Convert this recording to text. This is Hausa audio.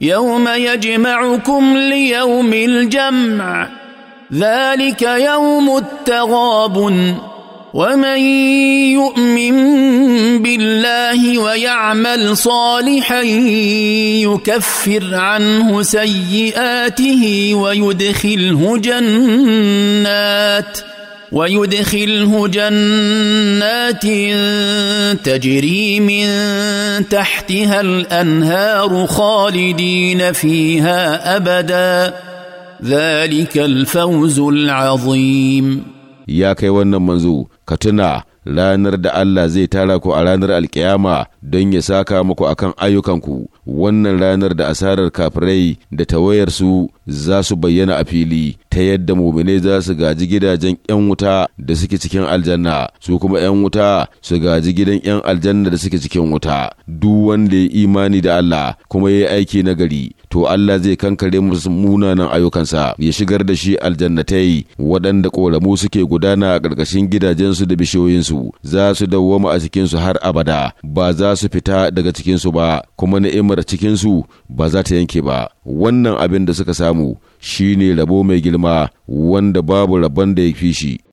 يوم يجمعكم ليوم الجمع ذلك يوم التغابن ومن يؤمن بالله ويعمل صالحا يكفر عنه سيئاته ويدخله جنات ۖ ويدخله جنات تجري من تحتها الانهار خالدين فيها ابدا ذلك الفوز العظيم يا كي منزو كتنا ranar da Allah zai tara ku a ranar alkiyama don ya saka muku akan ayyukanku wannan ranar da asarar kafirai da tawayarsu za su bayyana a fili ta yadda mumine za su gaji gidajen 'yan wuta da suke cikin aljanna su kuma 'yan wuta su gaji gidan 'yan aljanna da suke cikin wuta duk wanda ya imani da Allah kuma ya yi aiki gari. to Allah zai kankare musu munanan ayyukansa ya shigar da shi aljannatai waɗanda ƙoramu suke gudana a ƙarƙashin gidajensu da bishiyoyinsu za su dawwama a cikinsu har abada ba za su fita daga cikinsu ba kuma ni'imar cikinsu ba za ta yanke ba wannan abin da suka samu shine rabo mai girma wanda babu rabon da ya fi shi